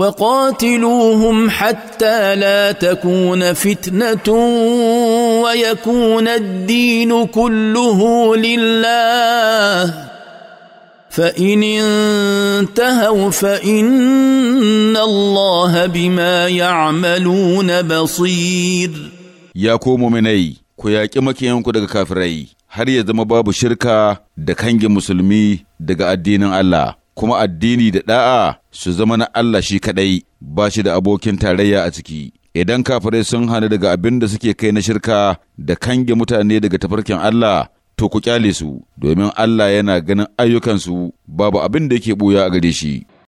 وقاتلوهم حتى لا تكون فتنه ويكون الدين كله لله فان انتهوا فان الله بما يعملون بصير يا مؤمني كويا كمكيان كودك كافري هل يزم باب شركه دكانج مسلمي دك الدين الله kuma addini da ɗa'a su zama na Allah shi kaɗai ba shi da abokin tarayya a ciki. Idan kafirai sun hana daga abin da suke kai na shirka da kange mutane daga tafarkin Allah, to ku kyale su, domin Allah yana ganin ayyukansu babu abin da yake ɓuya a gare shi.